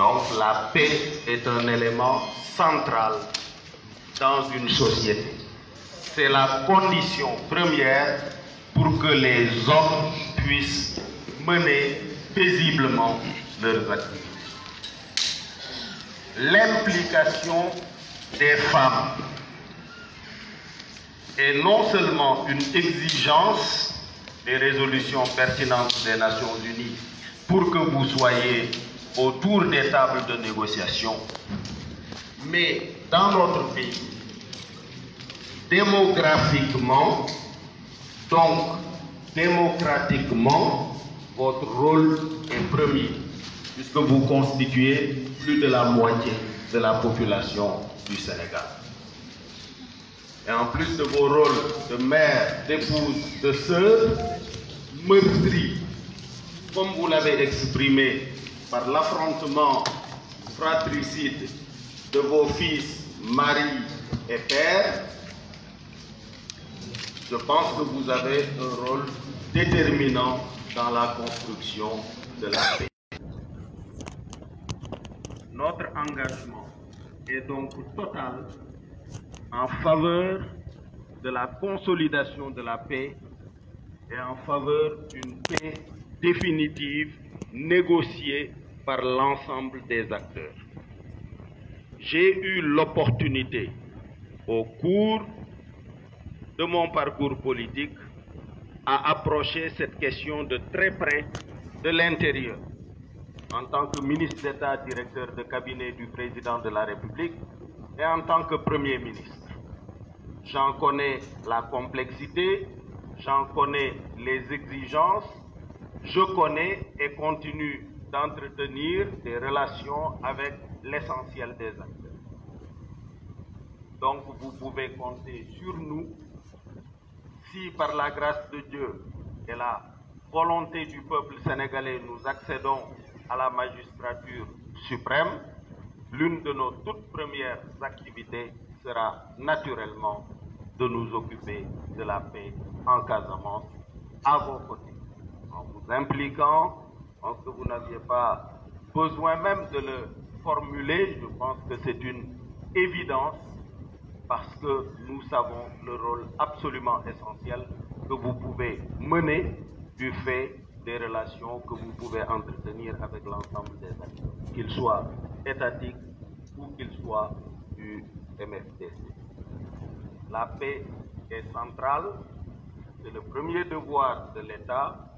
Donc la paix est un élément central dans une société. C'est la condition première pour que les hommes puissent mener paisiblement leur activités. L'implication des femmes est non seulement une exigence des résolutions pertinentes des Nations Unies pour que vous soyez autour des tables de négociation. Mais dans notre pays, démographiquement, donc démocratiquement, votre rôle est premier, puisque vous constituez plus de la moitié de la population du Sénégal. Et en plus de vos rôles de mère, d'épouse, de sœur, meurtri, comme vous l'avez exprimé par l'affrontement fratricide de vos fils, mari et père, je pense que vous avez un rôle déterminant dans la construction de la paix. Notre engagement est donc total en faveur de la consolidation de la paix et en faveur d'une paix définitive négociée par l'ensemble des acteurs. J'ai eu l'opportunité au cours de mon parcours politique à approcher cette question de très près de l'intérieur. En tant que ministre d'État, directeur de cabinet du président de la République et en tant que Premier ministre, j'en connais la complexité, j'en connais les exigences, je connais et continue d'entretenir des relations avec l'essentiel des acteurs. Donc vous pouvez compter sur nous si par la grâce de Dieu et la volonté du peuple sénégalais nous accédons à la magistrature suprême, l'une de nos toutes premières activités sera naturellement de nous occuper de la paix en casement à vos côtés, en vous impliquant pense que vous n'aviez pas besoin même de le formuler. Je pense que c'est une évidence parce que nous savons le rôle absolument essentiel que vous pouvez mener du fait des relations que vous pouvez entretenir avec l'ensemble des acteurs, qu'ils soient étatiques ou qu'ils soient du MFDC. La paix est centrale, c'est le premier devoir de l'État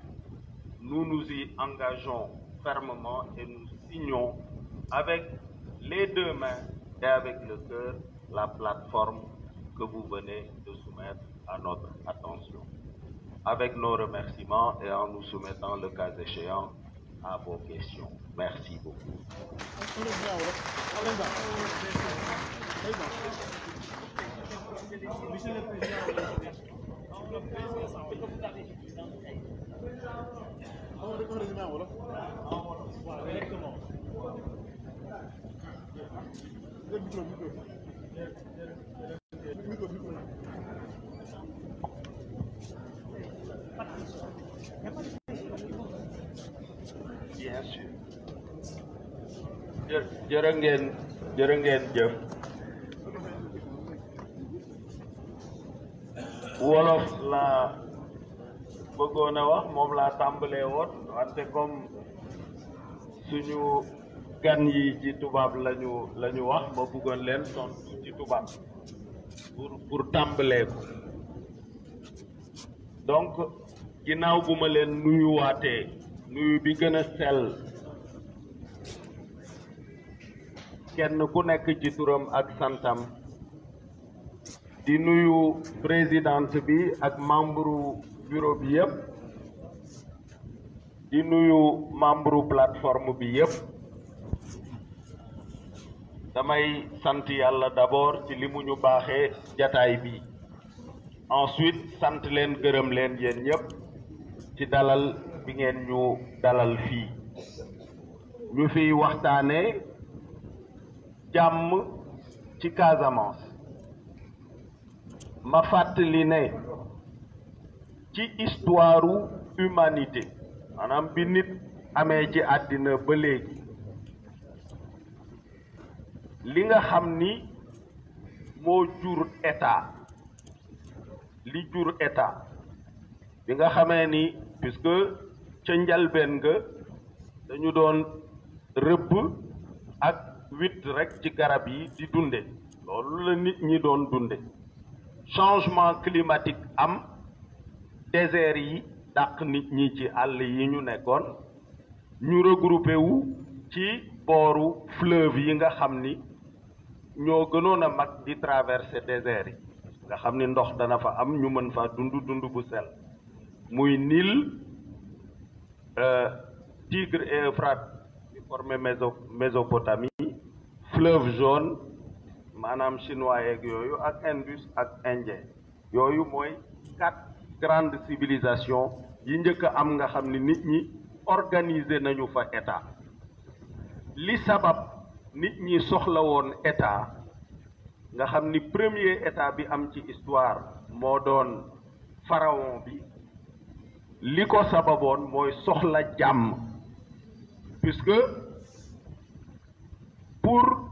nous nous y engageons fermement et nous signons avec les deux mains et avec le cœur la plateforme que vous venez de soumettre à notre attention. Avec nos remerciements et en nous soumettant le cas échéant à vos questions. Merci beaucoup. Vamos Jarang gen, jarang gen jam. Wolof bëggoon a wax moom laa tàmbalee woon wante comme suñu gan yi ci tubaab lañu lañu wax ba bëggoon leen tontu ci tubaab pour pour tàmbalee ko donc ginnaaw bu ma leen nuyuwaatee nuyu bi gën a kenn ku nekk ci turam ak santam di nuyu présidente bi ak membre bureau bi yëpp di nuyu membre plateforme bi yëpp damay sant yàlla d'abord ci li mu ñu baaxee jataay bi ensuite sant leen gërëm leen yéen ñëpp ci dalal bi ngeen ñu dalal fii ñu fiy waxtaane jàmm ci Casamance ma fàttali ne ci histoire humanité maanaam bi nit amee ci àddina ba léegi li nga xam ni moo jur état li jur état bi nga xamee ni puisque ca njalbeen nga dañu doon rëbb ak rek ci garab yi di dunde loolu la nit ñi doon dunde changement climatique am désert yi dàq nit ñi ci àll yi ñu nekkoon ñu regrouper wu ci fleuve yi nga xamni ñoo gënoon a mag di traverser désert yi nga xam ni ndox dana fa am ñu mën fa dund dund bu sel muy Nil euh, Tigre et Euphrate bi formé Mésopotamie fleuve jaune manam chinois yeeg yooyu ak indus ak indien yooyu moy quatre grandes civilisations yi njëkk am nga xam ni nit ñi organiser nañu fa état li sabab nit ñi soxla woon état nga xam ni premier état bi am ci histoire moo doon pharaon bi li ko sababoon soxla jàmm puisque pour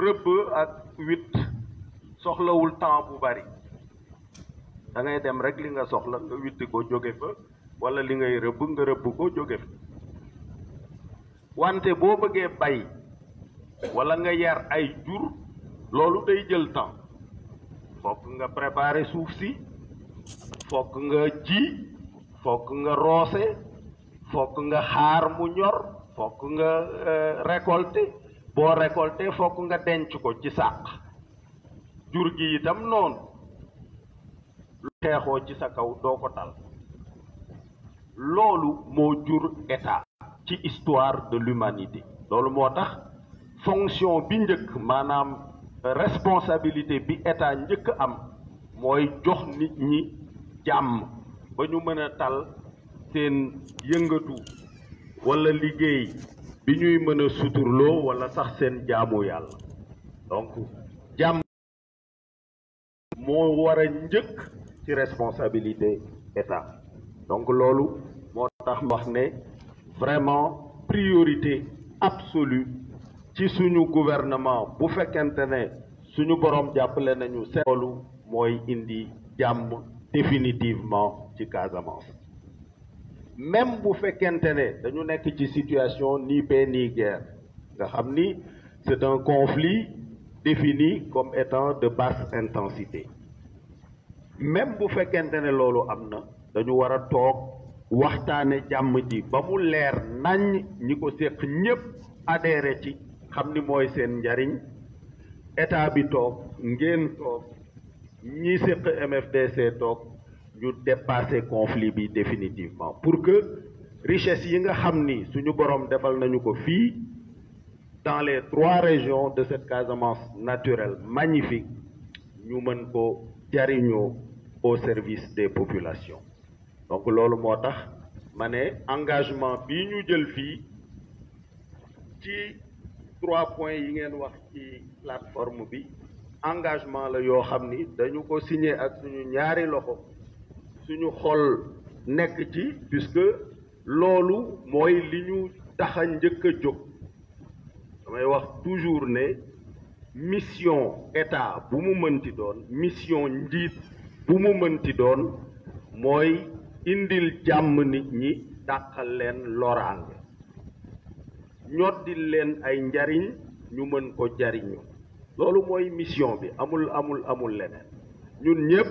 rebe ak wit soxlawul temps bu bari da ngay dem rek li nga soxla nga witti ko jóge fa wala li ngay rëbb nga rëbb ko jóge fa wante bo bëggee bay wala nga yar ay jur loolu day jël temps fokk nga préparer suuf si fokk nga ji fokk nga roose fokk nga xaar mu ñor fokk nga euh, récolter boo récolté fokk nga denc ko ci sàq jur gi itam noonu lu xeexoo ci sa kaw doo ko tal loolu moo jur état ci histoire de l'humanité loolu moo tax fonction bi njëkk maanaam responsabilité bi état njëkk am mooy jox nit ñi jàmm ba ñu mën a tal seen yëngatu wala liggéey bi ñuy mën a suturloo wala sax seen jaamu yàlla donc jàmm moo war a njëkk ci responsabilité état donc loolu moo tax wax ne vraiment priorité absolue ci suñu gouvernement bu fekkente ne suñu borom jàppale nañu seen loolu mooy indi jàmm définitivement ci Casamance même bu fekkente dañu nekk situation ni paix ni guerre c'est un conflit défini comme étant de basse intensité même bu fekkente ne loolu am na dañu war a toog waxtaane jàmm ji ba mu leer nañ ñi ko séq ci nous dépasser conflit définitivement pour que richesse yi nga xam ni suñu dans les trois régions de cette Casamance naturelle magnifique nous mën ko au service des populations donc lolo motax mané engagement bi ñu jël fi ci trois points yi ngeen wax ci plateforme bi engagement la yo xamni dañu ko signé ak suñu ñaari loxo suñu xol nekk ci puisque loolu mooy li ñu tax njëkk a jóg damay wax toujours ne mission état bu mu mënti doon mission njiit bu mu mënti doon mooy indil jàmm nit ñi dàqal leen loraange ñoddil leen ay njariñ ñu mën ko jariñu loolu mooy mission bi amul amul amul leneen ñun ñëpp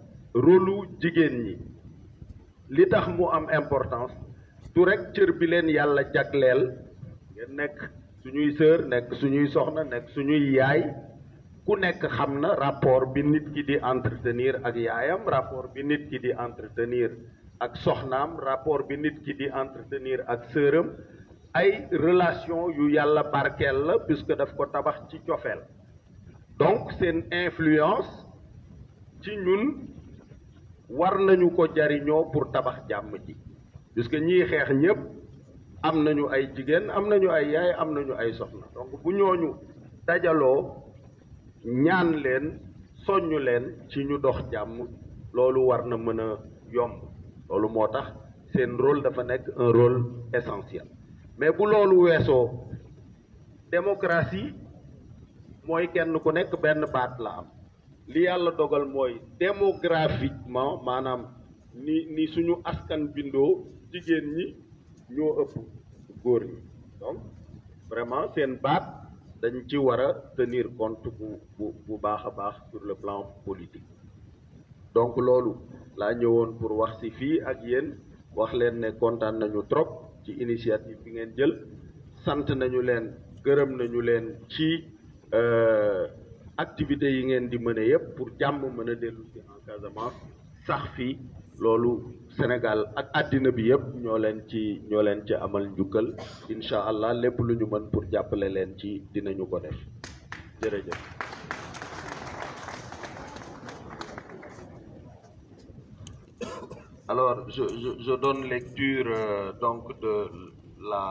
rôlu jigéen ñi li tax mu am importance du rek cër bi leen yàlla jagleel ngeen nekk suñuy sœur nekk suñuy soxna nekk suñuy yaay ku nekk xam na rapport bi nit ki di entretenir ak yaayam rapport bi nit ki di entretenir ak soxnaam rapport bi nit ki di entretenir ak sëram ay relation yu yàlla barkeel la puisque daf ko tabax ci cofeel donc seen influence ci ñun war nañu ko jariñoo pour tabax jàmm ji puisque ñii xeex ñëpp am nañu ay jigéen am nañu ay yaay am nañu ay soxna donc bu ñooñu dajaloo ñaan leen soññ leen ci ñu dox jàmm loolu war na mën a yomb loolu moo tax seen rôle dafa nekk un rôle essentiel mais bu loolu weesoo démocratie mooy kenn ku nekk benn baat la am li yàlla dogal mooy démographiquement maanaam ni ni suñu askan bindoo jigéen ñi ñoo ëpp góor ñi donc vraiment seen baat dañ ci war a tenir compte bu bu bu baax a baax sur le plan politique donc loolu laa ñëwoon pour wax ci fii ak yéen wax leen ne kontaan nañu trop ci initiative bi ngeen jël sant nañu leen gërëm nañu leen ci euh, activité yi ngeen di mëne yépp pour jàmm mën a dellu si en casamance sax fi loolu sénégal ak àddina bi yépp ñoo leen ci ñoo leen ci amal njukkal insha allah lépp lu ñu mën pour jàppale leen ci dinañu ko def jërëjëf alors je, je, je donne lecture euh, donc de la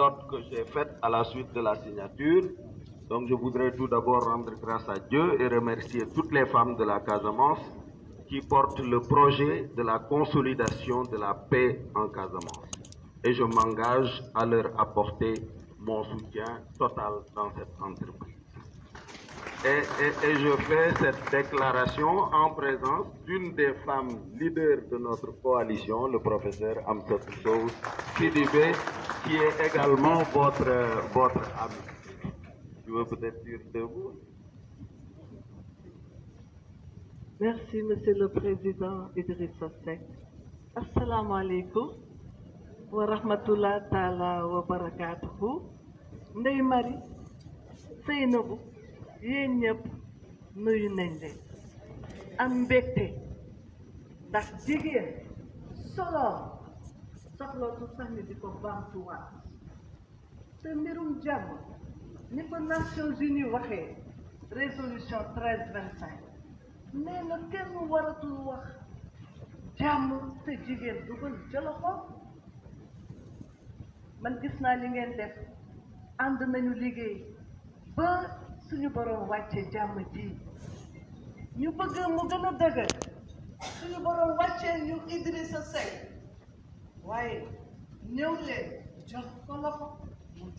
note que j'ai faite à la suite de la signature Donc je voudrais tout d'abord rendre grâce à Dieu et remercier toutes les femmes de la Casamance qui portent le projet de la consolidation de la paix en Casamance. Et je m'engage à leur apporter mon soutien total dans cette entreprise. Et, je fais cette déclaration en présence d'une des femmes leaders de notre coalition, le professeur Amsat Sow Sidibé, qui est également votre, votre ami veux peut-être dire deux Merci, Monsieur le Président Idriss Seck. Assalamu alaikum wa rahmatullah ta'ala wa barakatuhu. Ndey Marie, Seynobu. yéen ñëpp nuyu nañ leen. am mbégte ndax jigéen solo soxlootu sax ni di ko ni ko Nations Unies waxee résolution treize vingt cinq nee waratul wax jàmm te jigéen dugal jëloxo man gis naa li ngeen def ànd nañu liggéey ba suñu borom wàcce jàmm ji ñu bëgg mu gën a dëgër suñu borom wàccee ñu Idrissa Seck waaye ñëw leen jox ko loxo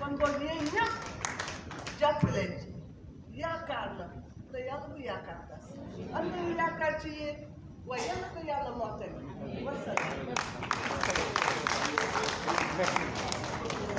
kon kon yéen ñëpp jàpp leen ci yaakaar la te yàlla bu yaakaar tas am nañu yaakaar